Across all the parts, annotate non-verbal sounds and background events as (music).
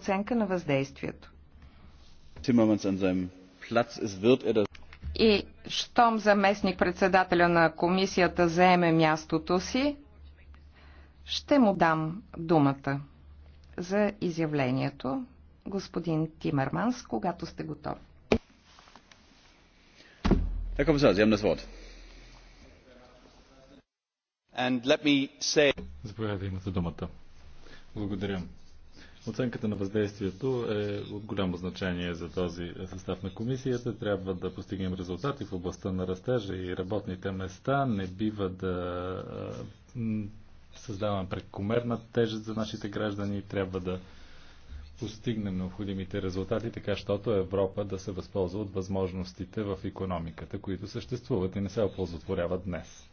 оценка на въздействието. Е е И щом заместник председателя на комисията заеме мястото си, ще му дам думата за изявлението. Господин Тимерманс, когато сте готов. Herr Kommissar, Sie haben das Wort. Say... Заповядайте, имате думата. Благодаря. Оценката на въздействието е от голямо значение за този състав на комисията. Трябва да постигнем резултати в областта на растежа и работните места. Не бива да създаваме прекомерна тежест за нашите граждани. Трябва да постигнем необходимите резултати, така щото Европа да се възползва от възможностите в економиката, които съществуват и не се оползотворяват днес.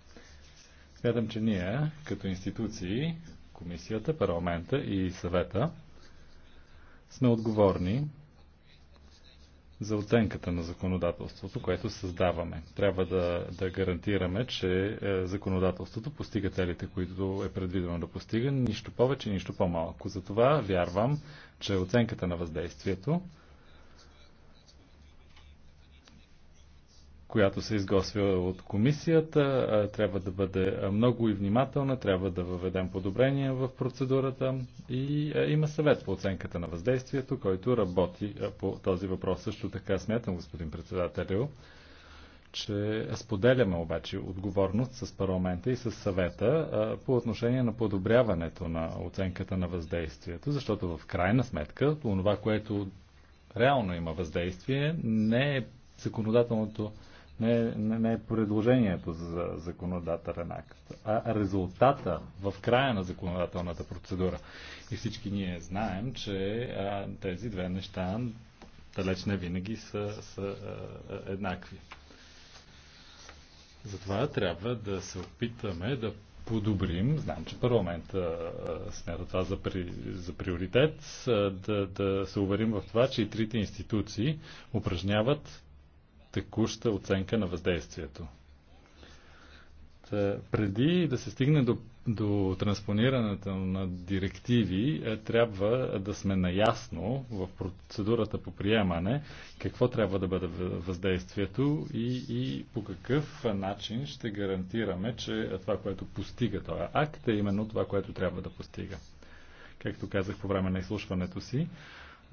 Смятам, че ние, като институции, комисията, парламента и съвета, сме отговорни за оценката на законодателството, което създаваме. Трябва да, да гарантираме, че е, законодателството постига целите, които е предвидено да постига, нищо повече, нищо по-малко. Затова вярвам, че оценката на въздействието която се изготвя от комисията, трябва да бъде много и внимателна, трябва да въведем подобрения в процедурата и има съвет по оценката на въздействието, който работи по този въпрос. Също така смятам, господин председателю, че споделяме обаче отговорност с парламента и с съвета по отношение на подобряването на оценката на въздействието, защото в крайна сметка това, което реално има въздействие, не е законодателното не, не, не е предложението за законодателен акт, а резултата в края на законодателната процедура. И всички ние знаем, че а, тези две неща далеч не винаги са, са а, еднакви. Затова трябва да се опитаме да подобрим, знам, че парламента смята това за, при, за приоритет, да, да се уверим в това, че и трите институции упражняват текуща оценка на въздействието. Та, преди да се стигне до, до транспонирането на директиви, е, трябва да сме наясно в процедурата по приемане какво трябва да бъде въздействието и, и по какъв начин ще гарантираме, че това, което постига този акт, е именно това, което трябва да постига. Както казах по време на изслушването си,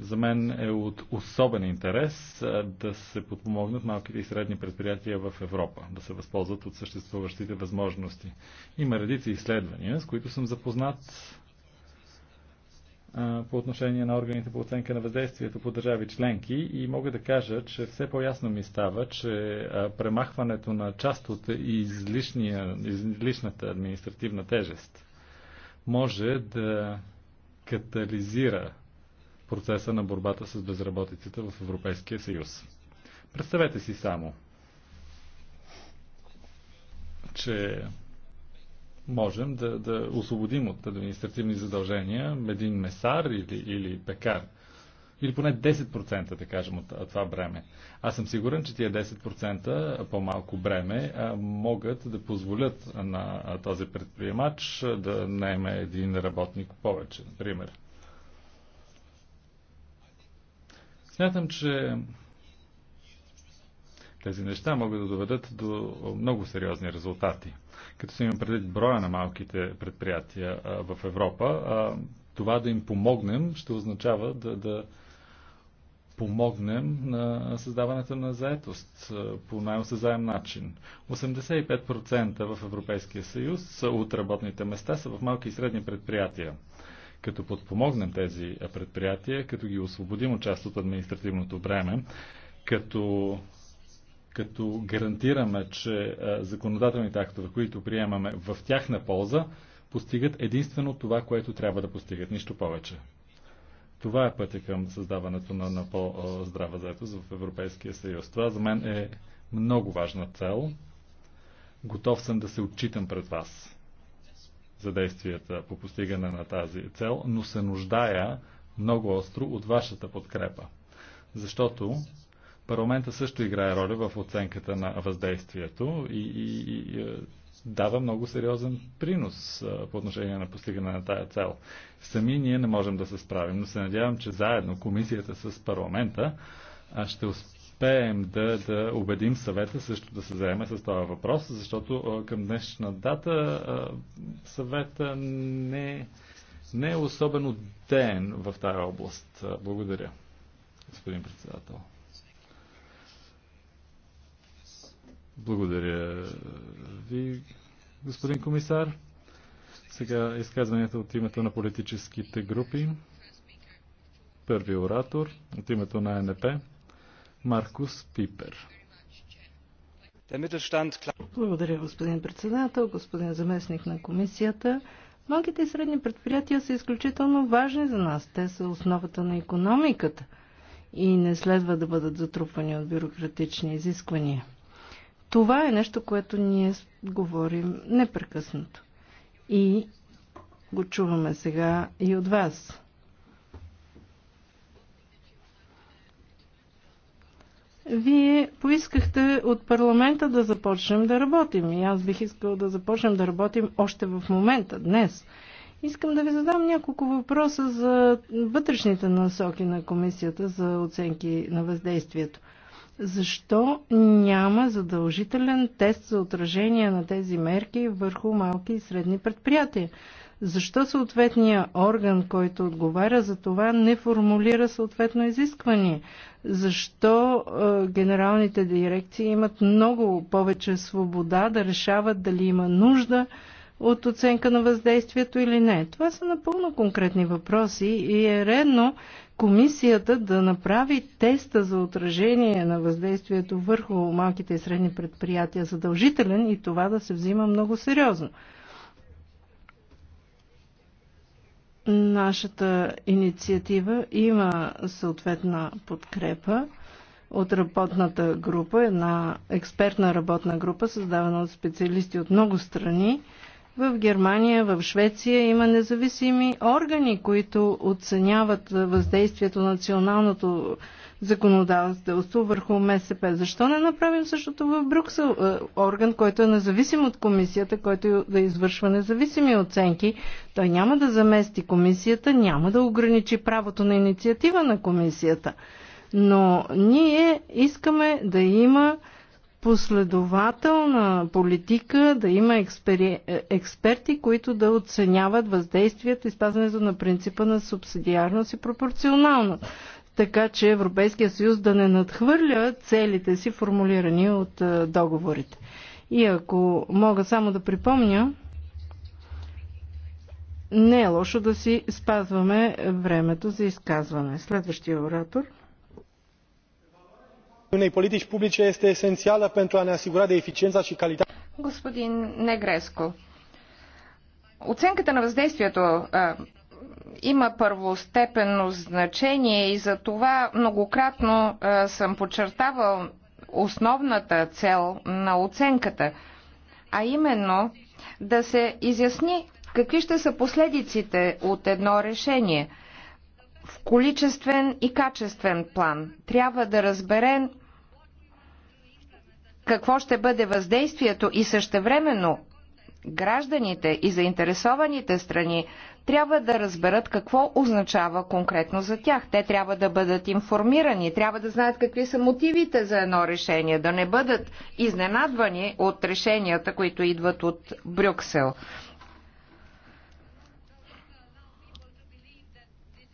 за мен е от особен интерес да се подпомогнат малките и средни предприятия в Европа, да се възползват от съществуващите възможности. Има редици изследвания, с които съм запознат по отношение на органите по оценка на въздействието по държави членки и мога да кажа, че все по-ясно ми става, че премахването на част от излишния, излишната административна тежест може да катализира процеса на борбата с безработицата в Европейския съюз. Представете си само, че можем да, да освободим от административни задължения един месар или, или пекар. Или поне 10% да кажем от това бреме. Аз съм сигурен, че тия 10% по-малко бреме могат да позволят на този предприемач да найме един работник повече, например. Смятам, че тези неща могат да доведат до много сериозни резултати. Като се има предвид броя на малките предприятия в Европа, това да им помогнем ще означава да, да помогнем на създаването на заетост по най-осезаем начин. 85% в Европейския съюз от работните места са в малки и средни предприятия като подпомогнем тези предприятия, като ги освободим от част от административното бреме, като като гарантираме, че законодателните актове, които приемаме в тяхна полза, постигат единствено това, което трябва да постигат, нищо повече. Това е пътя към създаването на, на по-здрава заетост в Европейския съюз. Това за мен е много важна цел. Готов съм да се отчитам пред вас за действията по постигане на тази цел, но се нуждая много остро от вашата подкрепа. Защото парламента също играе роля в оценката на въздействието и, и, и е, дава много сериозен принос е, по отношение на постигане на тая цел. Сами ние не можем да се справим, но се надявам, че заедно комисията с парламента е, ще успеем успеем да, да убедим съвета също да се заеме с това въпрос, защото към днешна дата съвета не, не е особено ден в тази област. Благодаря, господин председател. Благодаря ви, господин комисар. Сега изказванията от името на политическите групи. Първи оратор от името на НП. Маркус Пипер. Благодаря, господин председател, господин заместник на комисията. Малките и средни предприятия са изключително важни за нас. Те са основата на економиката и не следва да бъдат затрупвани от бюрократични изисквания. Това е нещо, което ние говорим непрекъснато. И го чуваме сега и от вас. Вие поискахте от парламента да започнем да работим и аз бих искал да започнем да работим още в момента, днес. Искам да ви задам няколко въпроса за вътрешните насоки на комисията за оценки на въздействието. Защо няма задължителен тест за отражение на тези мерки върху малки и средни предприятия? Защо съответния орган, който отговаря за това, не формулира съответно изискване? Защо е, генералните дирекции имат много повече свобода да решават дали има нужда от оценка на въздействието или не? Това са напълно конкретни въпроси и е редно комисията да направи теста за отражение на въздействието върху малките и средни предприятия задължителен и това да се взима много сериозно. Нашата инициатива има съответна подкрепа от работната група, една експертна работна група, създавана от специалисти от много страни, в Германия, в Швеция има независими органи, които оценяват въздействието на националното законодателство върху МСП. Защо не направим същото в Брюксел? Е, орган, който е независим от комисията, който е да извършва независими оценки, той няма да замести комисията, няма да ограничи правото на инициатива на комисията. Но ние искаме да има последователна политика, да има експери... Е, експерти, които да оценяват въздействието и спазването на принципа на субсидиарност и пропорционалност. Така че Европейския съюз да не надхвърля целите си, формулирани от е, договорите. И ако мога само да припомня, не е лошо да си спазваме времето за изказване. Следващия оратор unei politici publice este esențială pentru a ne asigura de eficiența și calitatea. Господин Негреско, оценката на въздействието а, има първостепенно значение и за това многократно а, съм подчертавал основната цел на оценката, а именно да се изясни какви ще са последиците от едно решение в количествен и качествен план. Трябва да разберем какво ще бъде въздействието и същевременно гражданите и заинтересованите страни трябва да разберат какво означава конкретно за тях. Те трябва да бъдат информирани, трябва да знаят какви са мотивите за едно решение, да не бъдат изненадвани от решенията, които идват от Брюксел.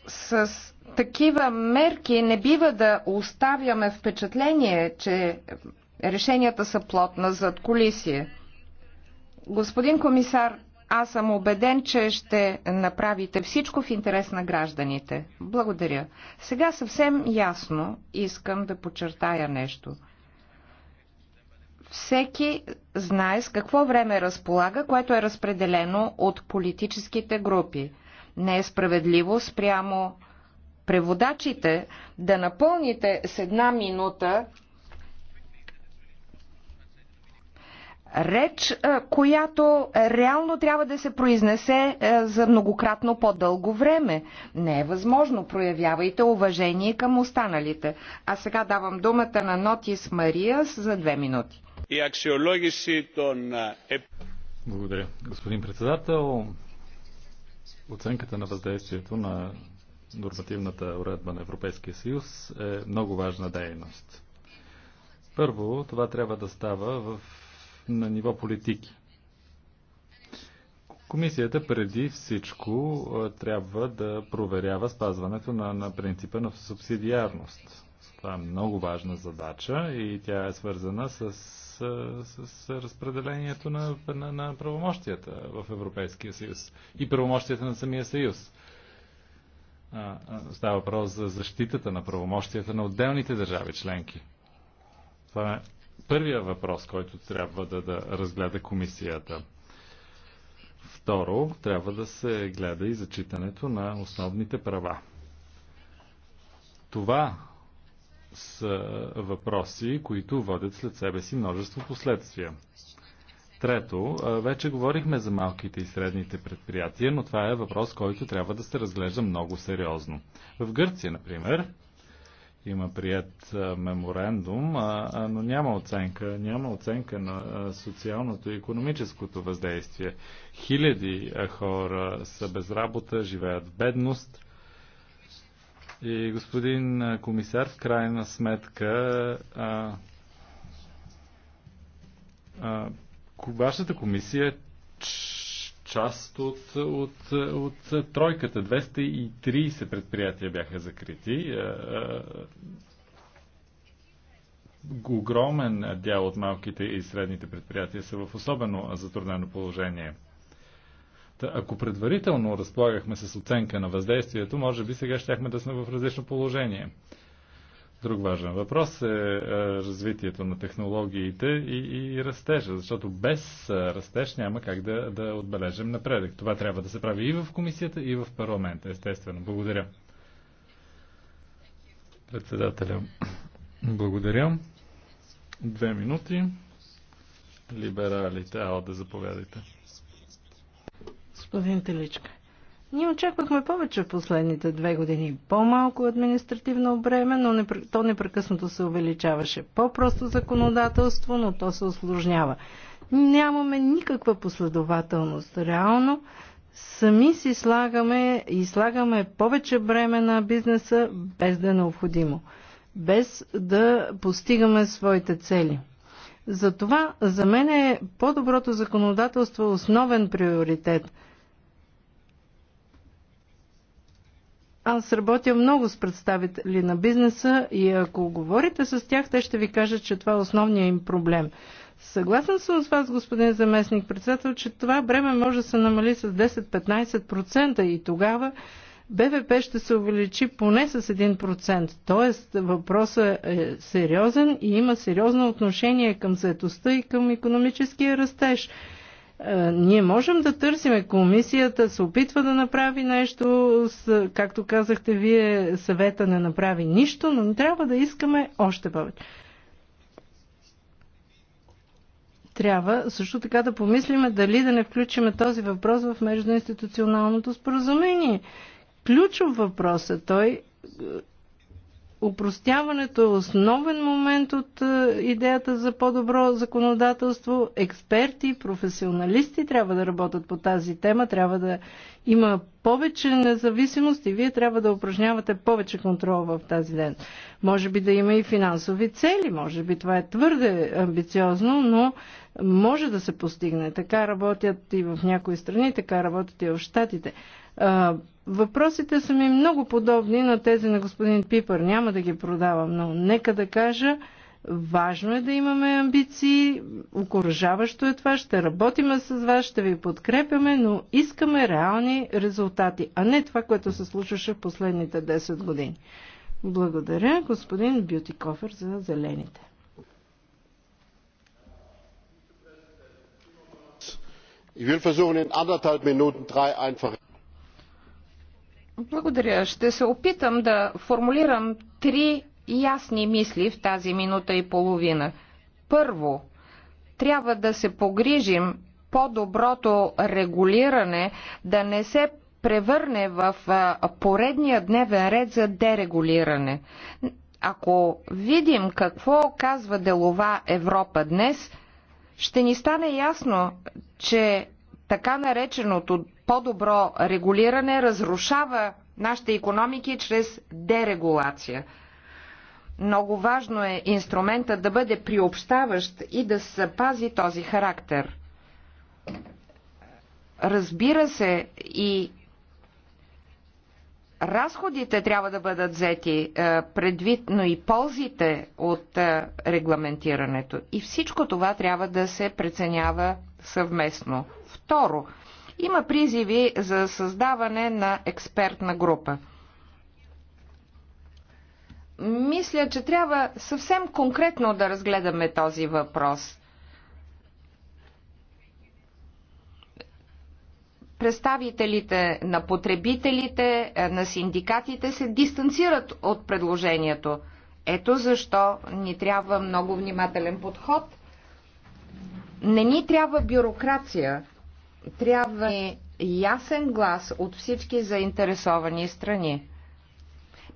С такива мерки не бива да оставяме впечатление, че Решенията са плотна зад колисие. Господин комисар, аз съм убеден, че ще направите всичко в интерес на гражданите. Благодаря. Сега съвсем ясно искам да подчертая нещо. Всеки знае с какво време разполага, което е разпределено от политическите групи. Не е справедливо спрямо преводачите да напълните с една минута реч, която реално трябва да се произнесе за многократно по-дълго време. Не е възможно. Проявявайте уважение към останалите. А сега давам думата на Нотис Мариас за две минути. Е- Благодаря. Господин председател, оценката на въздействието на нормативната уредба на Европейския съюз е много важна дейност. Първо, това трябва да става в на ниво политики. Комисията преди всичко трябва да проверява спазването на, на принципа на субсидиарност. Това е много важна задача и тя е свързана с, с, с разпределението на, на, на правомощията в Европейския съюз и правомощията на самия съюз. А, става въпрос за защитата на правомощията на отделните държави членки. Това е първия въпрос, който трябва да, да разгледа комисията. Второ, трябва да се гледа и зачитането на основните права. Това са въпроси, които водят след себе си множество последствия. Трето, вече говорихме за малките и средните предприятия, но това е въпрос, който трябва да се разглежда много сериозно. В Гърция, например, има прият меморандум, но няма оценка, няма оценка на социалното и економическото въздействие. Хиляди хора са без работа, живеят в бедност. И господин комисар, в крайна сметка, а, а, вашата комисия част от, от, от тройката. 230 предприятия бяха закрити. Е, е, огромен дял от малките и средните предприятия са в особено затруднено положение. Та, ако предварително разполагахме с оценка на въздействието, може би сега щяхме да сме в различно положение. Друг важен въпрос е, е развитието на технологиите и, и растежа, защото без е, растеж няма как да, да отбележим напредък. Това трябва да се прави и в комисията, и в парламента, естествено. Благодаря. Председателя, благодаря. Две минути. Либералите, ао да заповядайте. Господин Теличка. Ние очаквахме повече в последните две години. По-малко административно бреме, но не, то непрекъснато се увеличаваше. По-просто законодателство, но то се осложнява. Нямаме никаква последователност. Реално сами си слагаме и слагаме повече бреме на бизнеса, без да е необходимо. Без да постигаме своите цели. Затова за мен е по-доброто законодателство основен приоритет – Аз работя много с представители на бизнеса и ако говорите с тях, те ще ви кажат, че това е основният им проблем. Съгласен съм с вас, господин заместник председател, че това бреме може да се намали с 10-15% и тогава БВП ще се увеличи поне с 1%. Тоест въпросът е сериозен и има сериозно отношение към заетостта и към економическия растеж. Е, ние можем да търсиме. Комисията се опитва да направи нещо, както казахте вие, съвета не направи нищо, но не трябва да искаме още повече. Трябва също така да помислиме дали да не включиме този въпрос в междуинституционалното споразумение. Ключов въпрос е той Упростяването е основен момент от е, идеята за по-добро законодателство. Експерти, професионалисти трябва да работят по тази тема, трябва да има повече независимост и вие трябва да упражнявате повече контрол в тази ден. Може би да има и финансови цели, може би това е твърде амбициозно, но може да се постигне. Така работят и в някои страни, така работят и в Штатите Въпросите са ми много подобни на тези на господин Пипър. Няма да ги продавам, но нека да кажа, важно е да имаме амбиции, окоръжаващо е това, ще работиме с вас, ще ви подкрепяме, но искаме реални резултати, а не това, което се случваше в последните 10 години. Благодаря, господин Бютикофер, за зелените. Ich will versuchen, in anderthalb Minuten drei einfache благодаря. Ще се опитам да формулирам три ясни мисли в тази минута и половина. Първо, трябва да се погрижим по-доброто регулиране да не се превърне в поредния дневен ред за дерегулиране. Ако видим какво казва делова Европа днес, ще ни стане ясно, че така нареченото по-добро регулиране разрушава нашите економики чрез дерегулация. Много важно е инструментът да бъде приобщаващ и да запази този характер. Разбира се, и разходите трябва да бъдат взети е, предвид, но и ползите от е, регламентирането. И всичко това трябва да се преценява съвместно. Второ, има призиви за създаване на експертна група. Мисля, че трябва съвсем конкретно да разгледаме този въпрос. Представителите на потребителите, е, на синдикатите се дистанцират от предложението. Ето защо ни трябва много внимателен подход. Не ни трябва бюрокрация, трябва и ясен глас от всички заинтересовани страни.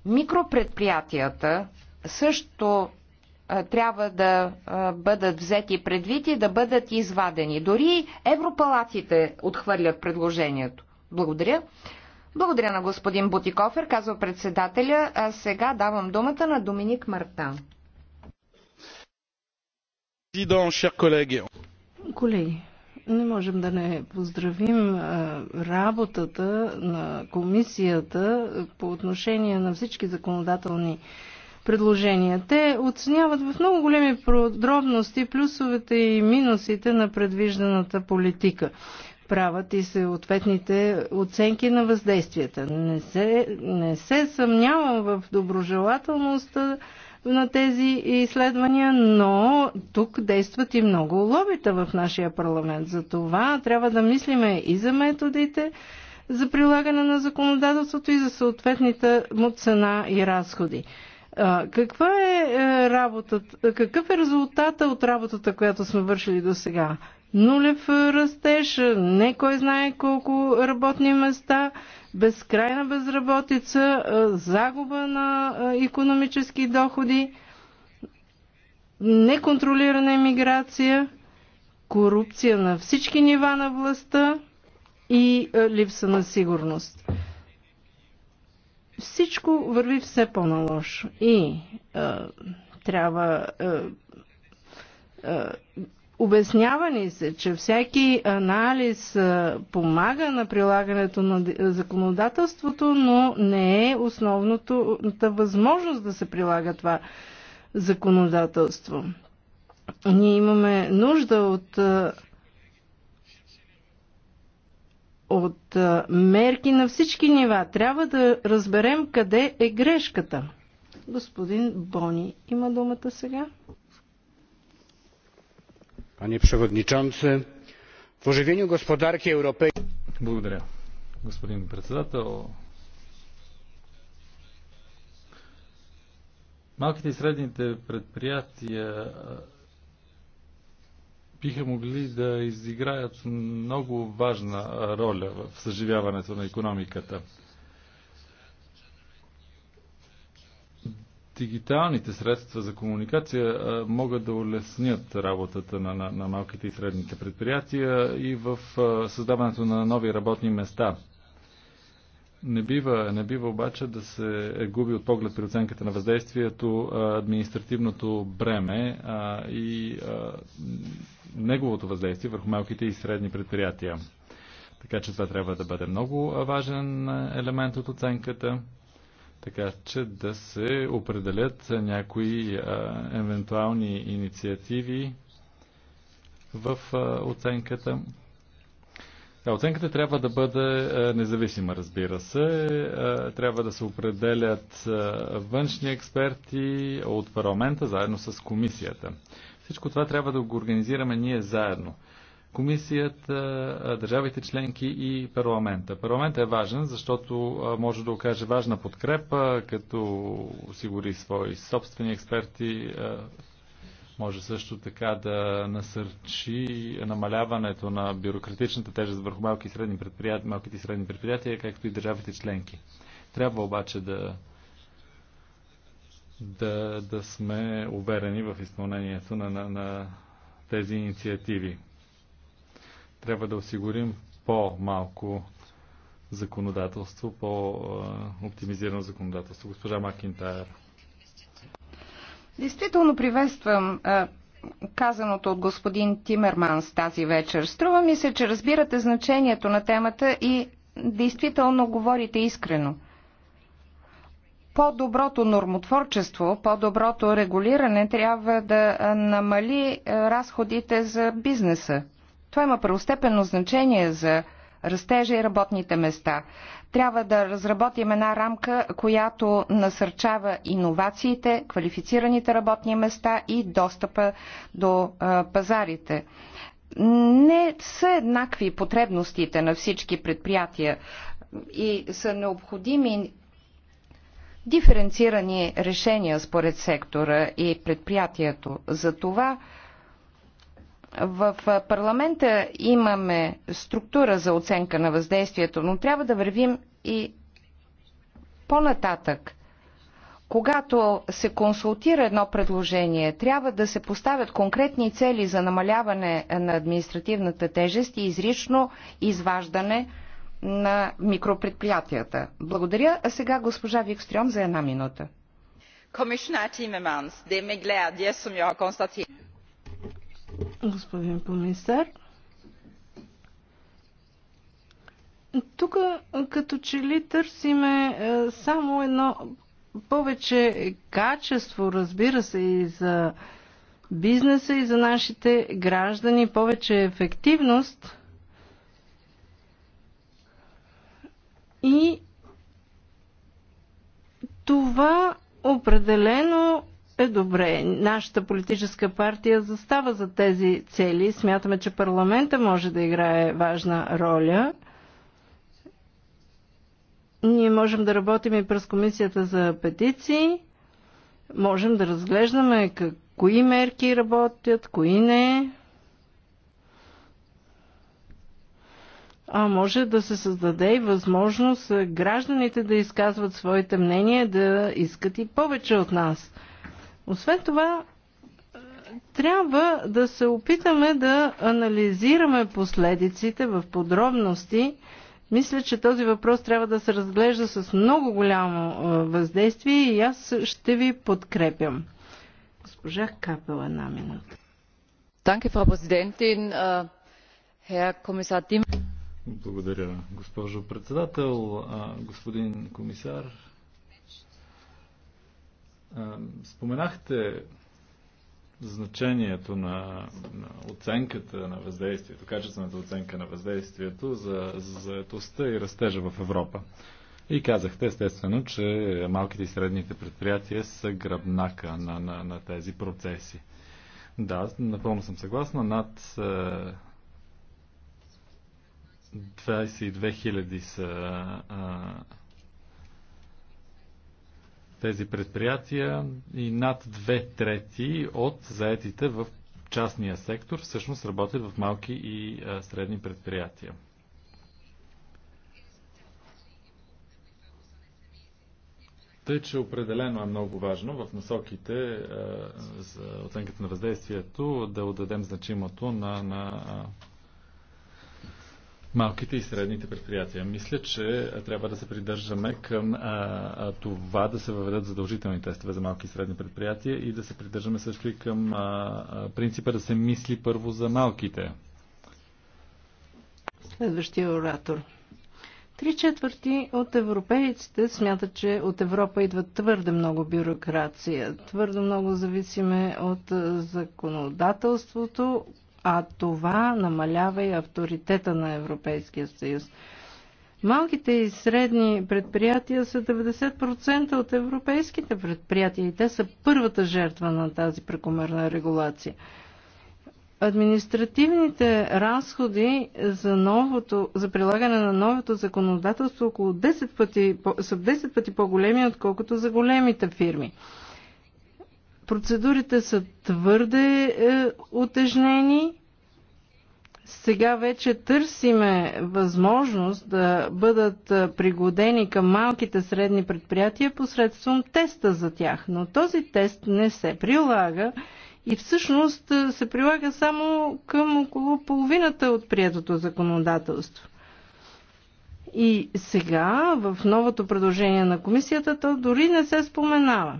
Микропредприятията също трябва да бъдат взети предвид и да бъдат извадени. Дори европалатите отхвърлят предложението. Благодаря. Благодаря на господин Бутикофер, казва председателя. А сега давам думата на Доминик Мартан. Колеги, не можем да не поздравим работата на комисията по отношение на всички законодателни предложения. Те оценяват в много големи подробности плюсовете и минусите на предвижданата политика. Правят и се ответните оценки на въздействията. Не се, не се съмнявам в доброжелателността на тези изследвания, но тук действат и много лобита в нашия парламент. За това трябва да мислиме и за методите, за прилагане на законодателството и за съответните му цена и разходи. Каква е, е работата, какъв е резултата от работата, която сме вършили до сега? нулев растеж, не кой знае колко работни места, безкрайна безработица, загуба на економически доходи, неконтролирана емиграция, корупция на всички нива на властта и липса на сигурност. Всичко върви все по-налошо и е, трябва е, Обяснява ни се, че всеки анализ помага на прилагането на законодателството, но не е основната възможност да се прилага това законодателство. Ние имаме нужда от, от мерки на всички нива. Трябва да разберем къде е грешката. Господин Бони има думата сега panie przewodniczący! w ożywieniu gospodarki europejskiej малките и средните предприятия биха могли да изиграят много важна роля в съживяването на економиката. дигиталните средства за комуникация могат да улеснят работата на, на, на малките и средните предприятия и в създаването на нови работни места. Не бива, не бива обаче да се губи от поглед при оценката на въздействието административното бреме а, и а, неговото въздействие върху малките и средни предприятия. Така че това трябва да бъде много важен елемент от оценката така че да се определят някои а, евентуални инициативи в а, оценката. Да, оценката трябва да бъде а, независима, разбира се. А, трябва да се определят а, външни експерти от парламента, заедно с комисията. Всичко това трябва да го организираме ние заедно комисията, държавите членки и парламента. Парламентът е важен, защото може да окаже важна подкрепа, като осигури свои собствени експерти, може също така да насърчи намаляването на бюрократичната тежест върху малки и средни предприятия, малките и средни предприятия, както и държавите членки. Трябва обаче да, да, да сме уверени в изпълнението на, на, на тези инициативи. Трябва да осигурим по-малко законодателство, по-оптимизирано законодателство. Госпожа Макинтайр. Действително приветствам казаното от господин Тимерманс тази вечер. Струва ми се, че разбирате значението на темата и действително говорите искрено. По-доброто нормотворчество, по-доброто регулиране трябва да намали разходите за бизнеса. Това има първостепенно значение за растежа и работните места. Трябва да разработим една рамка, която насърчава иновациите, квалифицираните работни места и достъпа до пазарите не са еднакви потребностите на всички предприятия и са необходими диференцирани решения според сектора и предприятието. За това в парламента имаме структура за оценка на въздействието, но трябва да вървим и по-нататък. Когато се консултира едно предложение, трябва да се поставят конкретни цели за намаляване на административната тежест и изрично изваждане на микропредприятията. Благодаря. А сега госпожа Викстрион за една минута. Господин комисар, тук като че ли търсиме е, само едно повече качество, разбира се, и за бизнеса, и за нашите граждани, повече ефективност. И това определено е добре. Нашата политическа партия застава за тези цели. Смятаме, че парламента може да играе важна роля. Ние можем да работим и през комисията за петиции. Можем да разглеждаме как, кои мерки работят, кои не. а може да се създаде и възможност гражданите да изказват своите мнения, да искат и повече от нас. Освен това, трябва да се опитаме да анализираме последиците в подробности. Мисля, че този въпрос трябва да се разглежда с много голямо въздействие и аз ще ви подкрепям. Госпожа Капел, една минута. Данке, фра президентин, хер комисар Дим. Благодаря, госпожо председател, господин комисар, Споменахте значението на, на оценката на въздействието, качествената оценка на въздействието за заетостта и растежа в Европа. И казахте, естествено, че малките и средните предприятия са гръбнака на, на, на тези процеси. Да, напълно съм съгласна. Над 22 000 са тези предприятия и над две трети от заетите в частния сектор всъщност работят в малки и средни предприятия. Тъй, че определено е много важно в насоките за оценката на въздействието да отдадем значимото на, на малките и средните предприятия. Мисля, че трябва да се придържаме към а, а, това да се въведат задължителни тестове за малки и средни предприятия и да се придържаме също и към а, а, принципа да се мисли първо за малките. Следващия оратор. Три четвърти от европейците смятат, че от Европа идва твърде много бюрокрация. Твърде много зависиме от законодателството, а това намалява и авторитета на Европейския съюз. Малките и средни предприятия са 90% от европейските предприятия и те са първата жертва на тази прекомерна регулация. Административните разходи за, новото, за прилагане на новото законодателство около 10 пъти, са 10 пъти по-големи, отколкото за големите фирми. Процедурите са твърде е, утежнени. Сега вече търсиме възможност да бъдат е, пригодени към малките средни предприятия посредством теста за тях, но този тест не се прилага и всъщност е, се прилага само към около половината от приятото законодателство. И сега в новото предложение на комисията то дори не се споменава.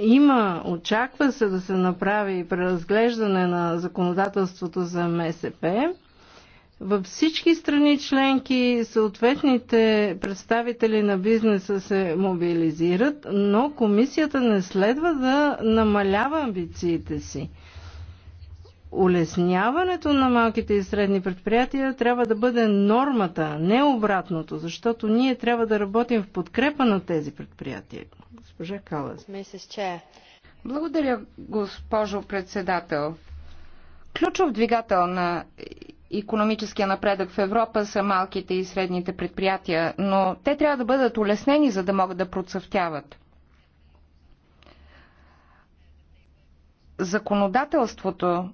Има, очаква се да се направи преразглеждане на законодателството за МСП. Във всички страни членки съответните представители на бизнеса се мобилизират, но комисията не следва да намалява амбициите си улесняването на малките и средни предприятия трябва да бъде нормата, не обратното, защото ние трябва да работим в подкрепа на тези предприятия. Госпожа Калас. Благодаря, госпожо председател. Ключов двигател на економическия напредък в Европа са малките и средните предприятия, но те трябва да бъдат улеснени, за да могат да процъфтяват. Законодателството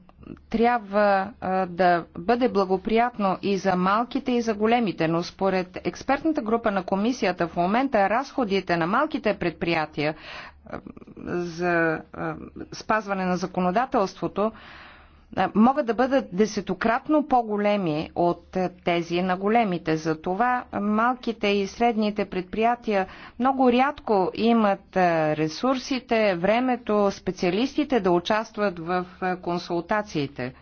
трябва а, да бъде благоприятно и за малките, и за големите, но според експертната група на комисията в момента разходите на малките предприятия а, за а, спазване на законодателството е, могат да бъдат десетократно по-големи от е, тези на големите. Затова малките и средните предприятия много рядко имат е, ресурсите, времето, специалистите да участват в консултациите.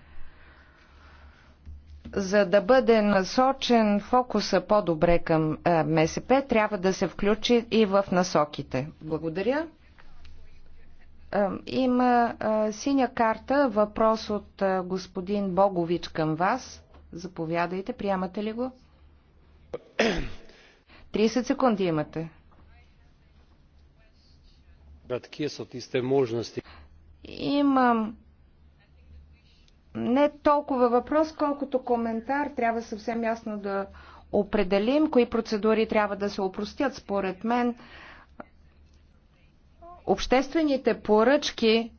За да бъде насочен фокуса по-добре към МСП, трябва да се включи и в насоките. Благодаря. Има синя карта, въпрос от господин Богович към вас. Заповядайте, приемате ли го? 30 (clears throat) секунди имате. Брат, кие са тисте можности? Имам не толкова въпрос, колкото коментар. Трябва съвсем ясно да определим кои процедури трябва да се опростят. Според мен Обществените поръчки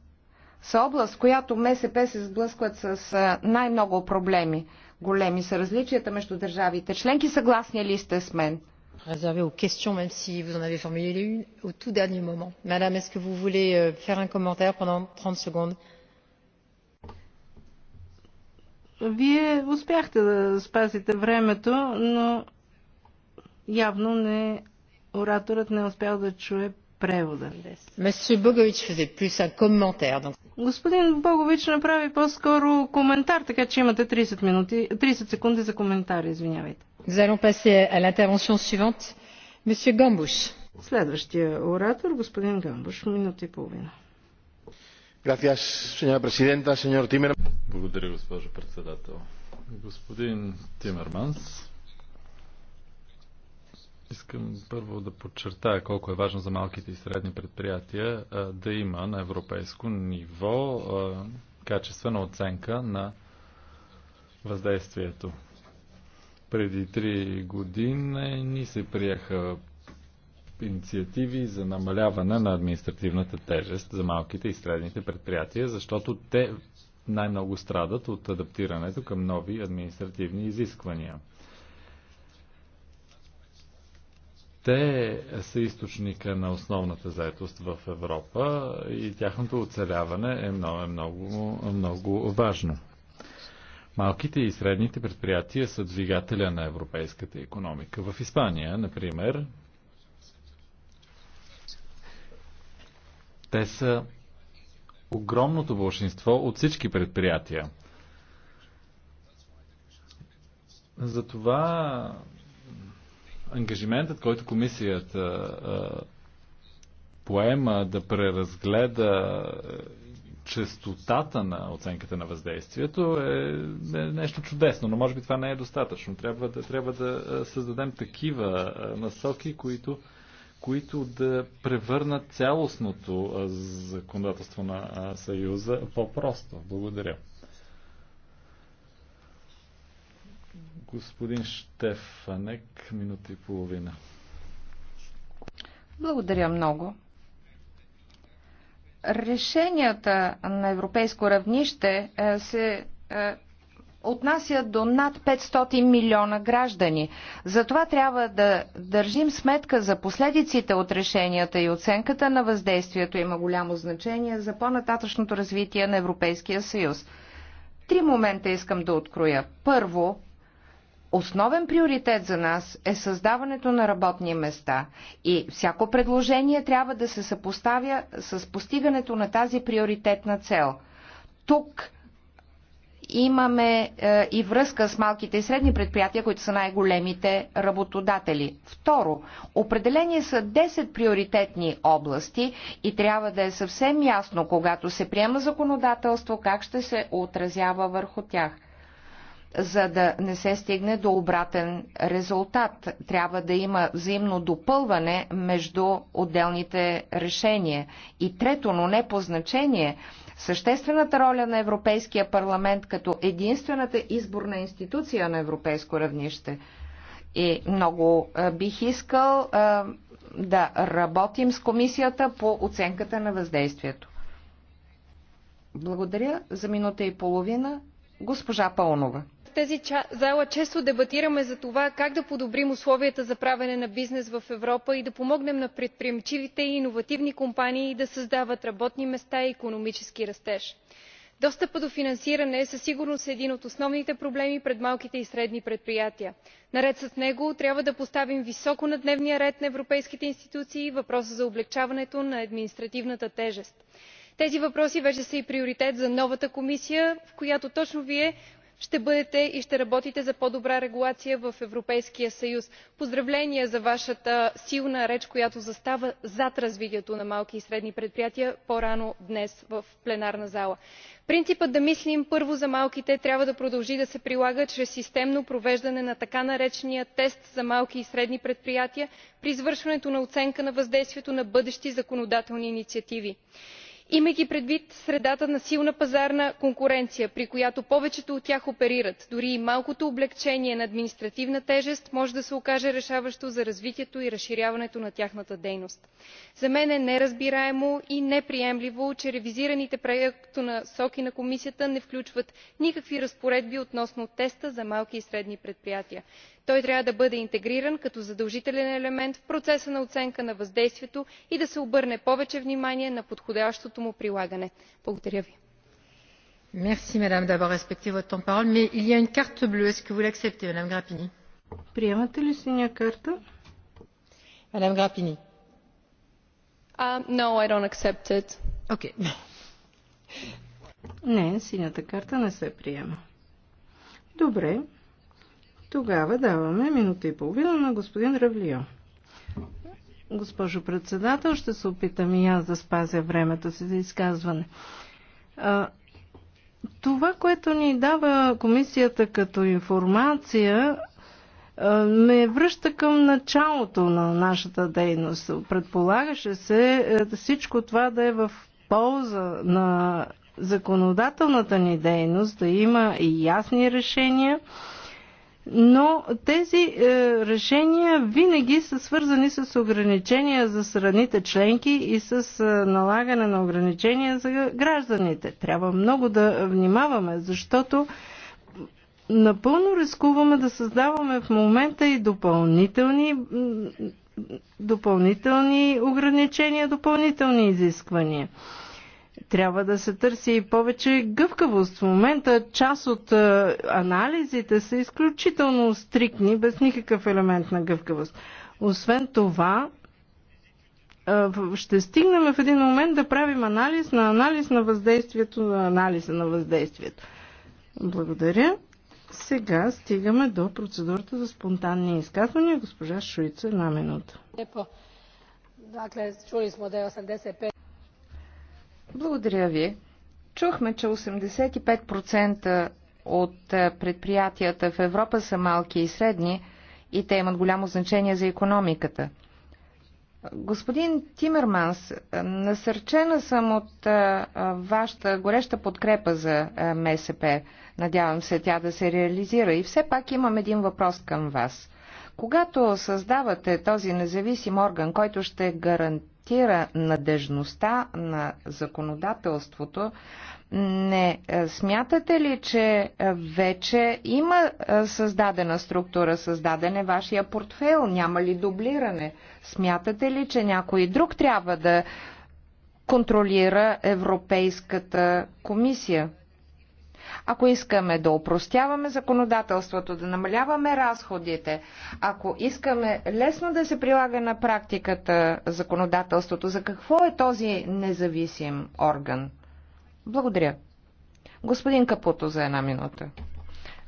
са област, която МСП се сблъскват с най-много проблеми. Големи са различията между държавите. Членки съгласни ли сте с мен? réservé aux questions même si vous en avez formulé une au tout dernier moment. madame est ce que vous voulez euh, faire un commentaire pendant secondes? Вие успяхте да спазите времето, но явно не, ораторът не е успял да чуе превода. Господин Богович направи по-скоро коментар, така че имате 30, минути, 30 секунди за коментар, извинявайте. Следващия оратор, господин Гамбуш, минута и половина. Благодаря, госпожо председател. Господин Тимерманс, Искам първо да подчертая колко е важно за малките и средни предприятия да има на европейско ниво качествена оценка на въздействието. Преди три години ни се приеха инициативи за намаляване на административната тежест за малките и средните предприятия, защото те най-много страдат от адаптирането към нови административни изисквания – те са източника на основната заетост в Европа и тяхното оцеляване е много, е много, много важно. Малките и средните предприятия са двигателя на европейската економика. В Испания, например, те са огромното большинство от всички предприятия. Затова ангажиментът, който комисията поема да преразгледа е, честотата на оценката на въздействието е, е нещо чудесно, но може би това не е достатъчно. Трябва да, трябва да създадем такива насоки, които, които да превърнат цялостното законодателство на Съюза по-просто. Благодаря. Господин Штефанек, минута и половина. Благодаря много. Решенията на европейско равнище е, се е, отнасят до над 500 милиона граждани. Затова трябва да държим сметка за последиците от решенията и оценката на въздействието има голямо значение за по-нататъчното развитие на Европейския съюз. Три момента искам да откроя. Първо, Основен приоритет за нас е създаването на работни места и всяко предложение трябва да се съпоставя с постигането на тази приоритетна цел. Тук имаме е, и връзка с малките и средни предприятия, които са най-големите работодатели. Второ, определени са 10 приоритетни области и трябва да е съвсем ясно, когато се приема законодателство, как ще се отразява върху тях за да не се стигне до обратен резултат. Трябва да има взаимно допълване между отделните решения. И трето, но не по значение, съществената роля на Европейския парламент като единствената изборна институция на европейско равнище. И много бих искал да работим с комисията по оценката на въздействието. Благодаря за минута и половина, госпожа Пълнова тази зала често дебатираме за това как да подобрим условията за правене на бизнес в европа и да помогнем на предприемчивите и иновативни компании да създават работни места и икономически растеж. достъпът до финансиране със сигурност е един от основните проблеми пред малките и средни предприятия. наред с него трябва да поставим високо на дневния ред на европейските институции въпроса за облекчаването на административната тежест. тези въпроси вече са и приоритет за новата комисия в която точно вие ще бъдете и ще работите за по добра регулация в европейския съюз. поздравления за вашата силна реч която застава зад развитието на малки и средни предприятия по рано днес в пленарната зала. принципът да мислим първо за малките трябва да продължи да се прилага чрез системно провеждане на така наречения тест за малки и средни предприятия при извършването на оценка на въздействието на бъдещи законодателни инициативи имайки предвид средата на силна пазарна конкуренция при която повечето от тях оперират дори и малкото облекчение на административна тежест може да се окаже решаващо за развитието и разширяването на тяхната дейност. за мен е неразбираемо и неприемливо че ревизираните проектонасоки на комисията не включват никакви разпоредби относно теста за малки и средни предприятия той трябва да бъде интегриран като задължителен елемент в процеса на оценка на въздействието и да се обърне повече внимание на подходящото му прилагане. благодаря ви. приемате ли карта? не карта не се приема. добре. Тогава даваме минута и половина на господин Равлио. Госпожо председател, ще се опитам и аз да спазя времето си за изказване. Това, което ни дава комисията като информация, ме връща към началото на нашата дейност. Предполагаше се е, всичко това да е в полза на законодателната ни дейност, да има и ясни решения, но тези е, решения винаги са свързани с ограничения за страните членки и с е, налагане на ограничения за гражданите. Трябва много да внимаваме, защото напълно рискуваме да създаваме в момента и допълнителни, допълнителни ограничения, допълнителни изисквания трябва да се търси и повече гъвкавост. В момента част от е, анализите са изключително стрикни, без никакъв елемент на гъвкавост. Освен това, е, ще стигнем в един момент да правим анализ на анализ на въздействието на анализа на въздействието. Благодаря. Сега стигаме до процедурата за спонтанни изказвания. Госпожа Шуица, една минута. Чули čuli smo da 85 благодаря ви. Чухме, че 85% от е, предприятията в Европа са малки и средни и те имат голямо значение за економиката. Господин Тимерманс, насърчена съм от е, вашата гореща подкрепа за е, МСП. Надявам се тя да се реализира. И все пак имам един въпрос към вас. Когато създавате този независим орган, който ще гарантира гарантира надежността на законодателството, не е, смятате ли, че е, вече има е, създадена структура, създаден е вашия портфел, Няма ли дублиране? Смятате ли, че някой друг трябва да контролира Европейската комисия? Ако искаме да опростяваме законодателството, да намаляваме разходите, ако искаме лесно да се прилага на практиката законодателството, за какво е този независим орган? Благодаря. Господин Капуто за една минута.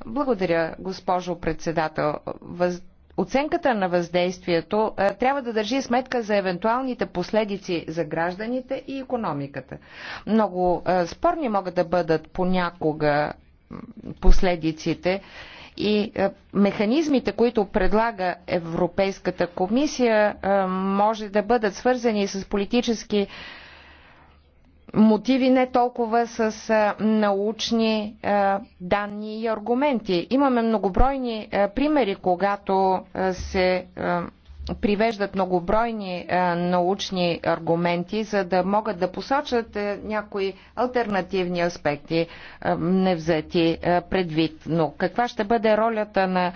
Благодаря, госпожо председател. Въз Оценката на въздействието е, трябва да държи сметка за евентуалните последици за гражданите и економиката. Много е, спорни могат да бъдат понякога последиците и е, механизмите, които предлага Европейската комисия, може да бъдат свързани с политически мотиви, не толкова с научни данни и аргументи. Имаме многобройни примери, когато се привеждат многобройни научни аргументи, за да могат да посочат някои альтернативни аспекти, невзети предвид. Но каква ще бъде ролята на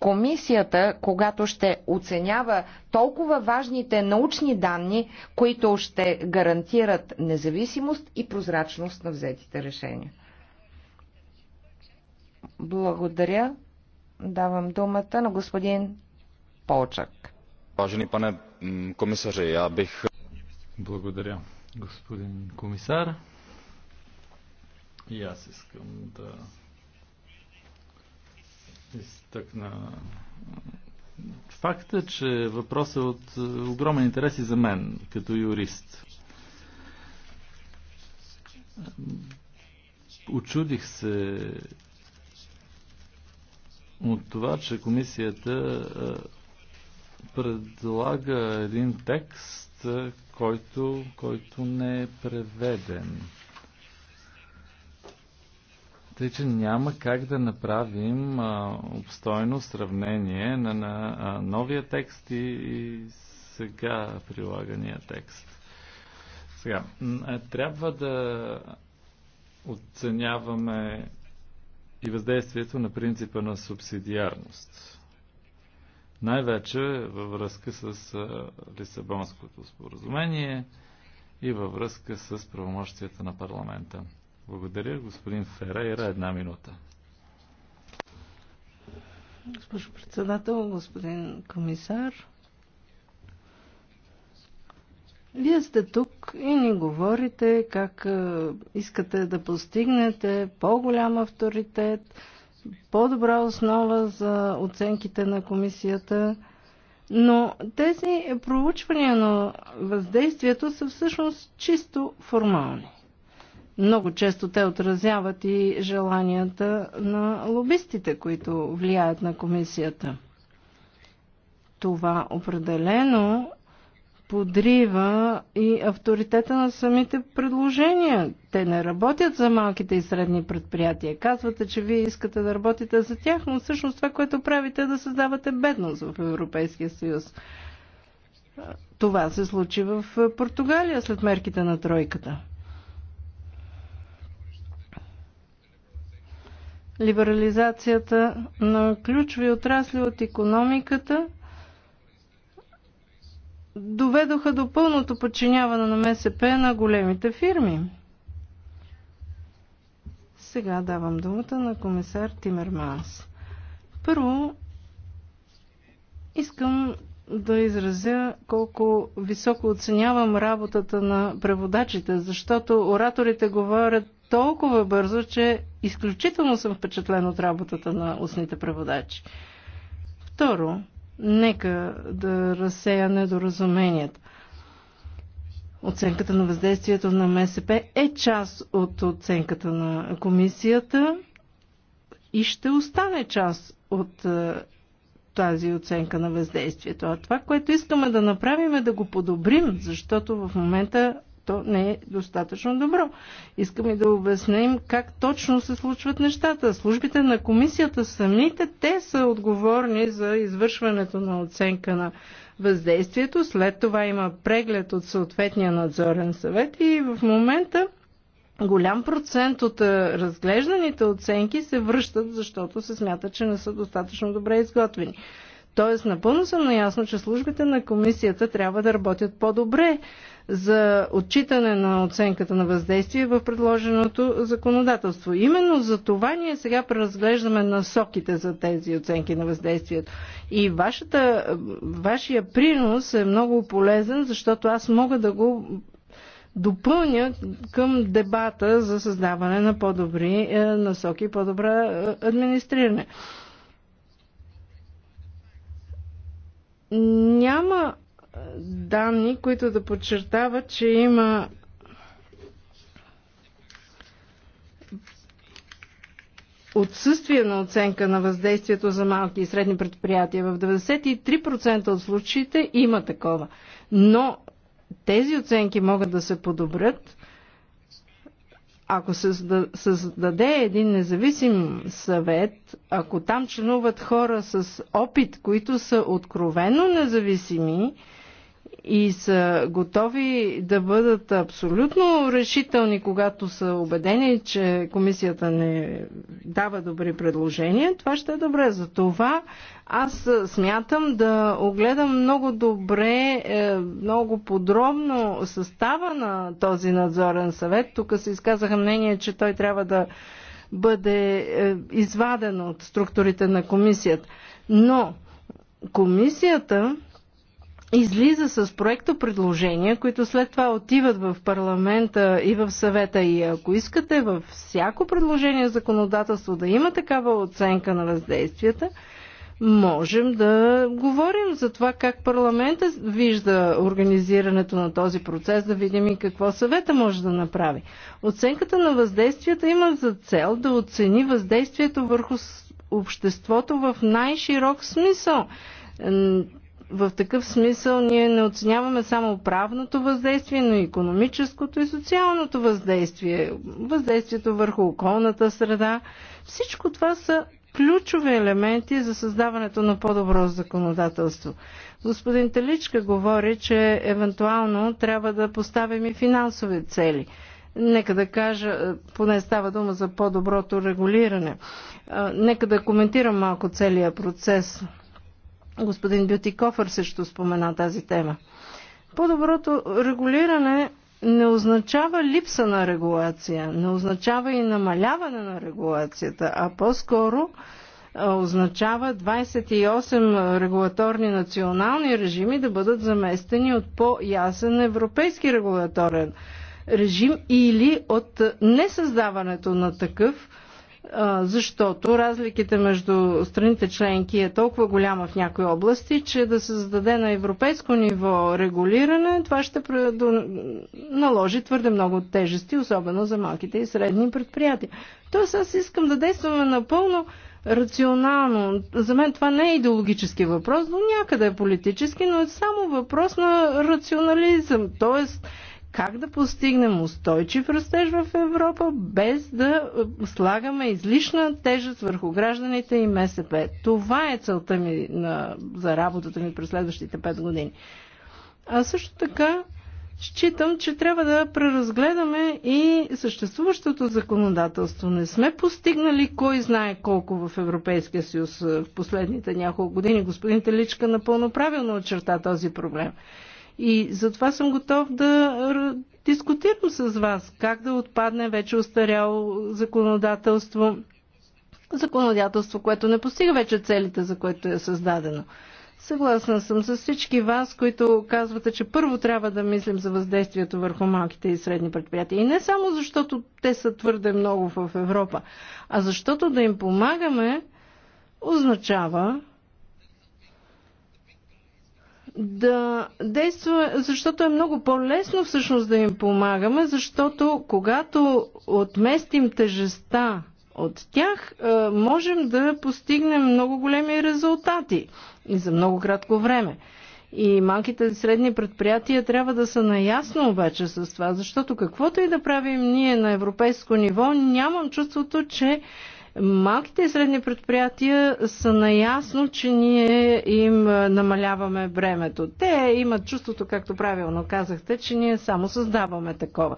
комисията, когато ще оценява толкова важните научни данни, които ще гарантират независимост и прозрачност на взетите решения. Благодаря. Давам думата на господин Полчак. Важени е, пане комисаре, я бих... Благодаря, господин комисар. И аз искам да изтъкна факта, че въпросът е от е, огромен интерес и за мен, като юрист. Очудих се от това, че комисията предлага един текст, който, който не е преведен. Тъй, че няма как да направим а, обстойно сравнение на, на а, новия текст и, и сега прилагания текст. Сега, трябва да оценяваме и въздействието на принципа на субсидиарност. Най-вече във връзка с Лисабонското споразумение и във връзка с правомощията на парламента. Благодаря. Господин Ферейра, една минута. Госпожо председател, господин комисар, вие сте тук и ни говорите как искате да постигнете по-голям авторитет, по-добра основа за оценките на комисията. Но тези проучвания на въздействието са всъщност чисто формални. Много често те отразяват и желанията на лобистите, които влияят на комисията. Това определено подрива и авторитета на самите предложения. Те не работят за малките и средни предприятия. Казвате, че вие искате да работите за тях, но всъщност това, което правите е да създавате бедност в Европейския съюз. Това се случи в Португалия след мерките на тройката. либерализацията на ключови отрасли от економиката доведоха до пълното подчиняване на МСП на големите фирми. Сега давам думата на комисар Тимерманс. Първо, искам да изразя колко високо оценявам работата на преводачите, защото ораторите говорят толкова бързо, че изключително съм впечатлен от работата на устните преводачи. Второ, нека да разсея недоразуменията. Оценката на въздействието на МСП е част от оценката на комисията и ще остане част от е, тази оценка на въздействието. А това, което искаме да направим е да го подобрим, защото в момента то не е достатъчно добро. Искаме да обясним как точно се случват нещата. Службите на комисията самите, те са отговорни за извършването на оценка на въздействието. След това има преглед от съответния надзорен съвет и в момента голям процент от разглежданите оценки се връщат, защото се смята, че не са достатъчно добре изготвени. Тоест, напълно съм наясно, че службите на комисията трябва да работят по-добре, за отчитане на оценката на въздействие в предложеното законодателство. Именно за това ние сега преразглеждаме насоките за тези оценки на въздействието. И вашата, вашия принос е много полезен, защото аз мога да го допълня към дебата за създаване на по-добри е, насоки и по-добра е, администриране. Няма данни, които да подчертават, че има отсъствие на оценка на въздействието за малки и средни предприятия. В 93% от случаите има такова. Но тези оценки могат да се подобрят, ако се създаде един независим съвет, ако там членуват хора с опит, които са откровено независими, и са готови да бъдат абсолютно решителни, когато са убедени, че комисията не дава добри предложения, това ще е добре. За това аз смятам да огледам много добре, е, много подробно състава на този надзорен съвет. Тук се изказаха мнение, че той трябва да бъде е, изваден от структурите на комисията. Но комисията излиза с проекто предложения, които след това отиват в парламента и в съвета. И ако искате във всяко предложение законодателство да има такава оценка на въздействията, можем да говорим за това как парламента вижда организирането на този процес, да видим и какво съвета може да направи. Оценката на въздействията има за цел да оцени въздействието върху обществото в най-широк смисъл в такъв смисъл ние не оценяваме само правното въздействие, но и економическото и социалното въздействие, въздействието върху околната среда. Всичко това са ключови елементи за създаването на по-добро законодателство. Господин Таличка говори, че евентуално трябва да поставим и финансови цели. Нека да кажа, поне става дума за по-доброто регулиране. Нека да коментирам малко целият процес. Господин Бютикофър също спомена тази тема. По-доброто регулиране не означава липса на регулация, не означава и намаляване на регулацията, а по-скоро означава 28 регулаторни национални режими да бъдат заместени от по-ясен европейски регулаторен режим или от несъздаването на такъв, защото разликите между страните членки е толкова голяма в някои области, че да се зададе на европейско ниво регулиране, това ще наложи твърде много тежести, особено за малките и средни предприятия. Тоест аз искам да действаме напълно рационално. За мен това не е идеологически въпрос, но някъде е политически, но е само въпрос на рационализъм. Тоест, как да постигнем устойчив растеж в Европа, без да е, слагаме излишна тежест върху гражданите и МСП. Това е целта ми на, за работата ми през следващите 5 години. А също така считам, че трябва да преразгледаме и съществуващото законодателство. Не сме постигнали кой знае колко в Европейския съюз е, в последните няколко години. Господин Теличка напълно правилно очерта този проблем. И затова съм готов да дискутирам с вас как да отпадне вече устаряло законодателство, законодателство, което не постига вече целите, за което е създадено. Съгласна съм с всички вас, които казвате, че първо трябва да мислим за въздействието върху малките и средни предприятия. И не само защото те са твърде много в Европа, а защото да им помагаме означава да действа, защото е много по-лесно всъщност да им помагаме, защото когато отместим тежеста от тях, е, можем да постигнем много големи резултати и за много кратко време. И малките и средни предприятия трябва да са наясно обаче с това, защото каквото и да правим ние на европейско ниво, нямам чувството, че Малките и средни предприятия са наясно, че ние им намаляваме бремето. Те имат чувството, както правилно казахте, че ние само създаваме такова.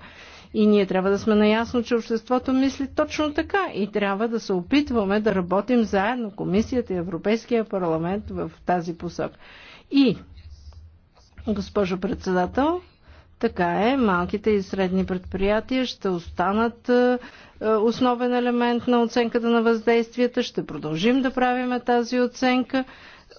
И ние трябва да сме наясно, че обществото мисли точно така и трябва да се опитваме да работим заедно, Комисията и Европейския парламент в тази посок. И, госпожо председател, така е, малките и средни предприятия ще останат е, е, основен елемент на оценката на въздействията. Ще продължим да правиме тази оценка.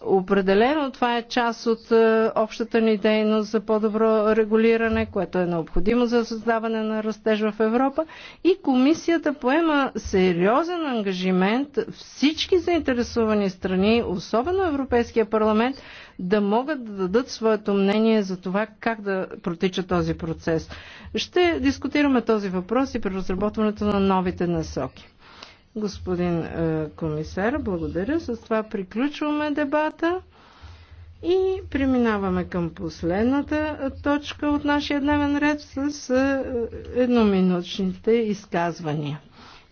Определено това е част от е, общата ни дейност за по-добро регулиране, което е необходимо за създаване на растеж в Европа. И комисията поема сериозен ангажимент всички заинтересовани страни, особено Европейския парламент, да могат да дадат своето мнение за това как да протича този процес. Ще дискутираме този въпрос и при разработването на новите насоки господин е, комисар. Благодаря. С това приключваме дебата и преминаваме към последната точка от нашия дневен ред с е, едноминучните изказвания.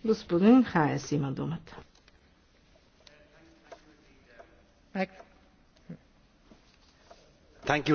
Господин Хаес има думата. Thank you.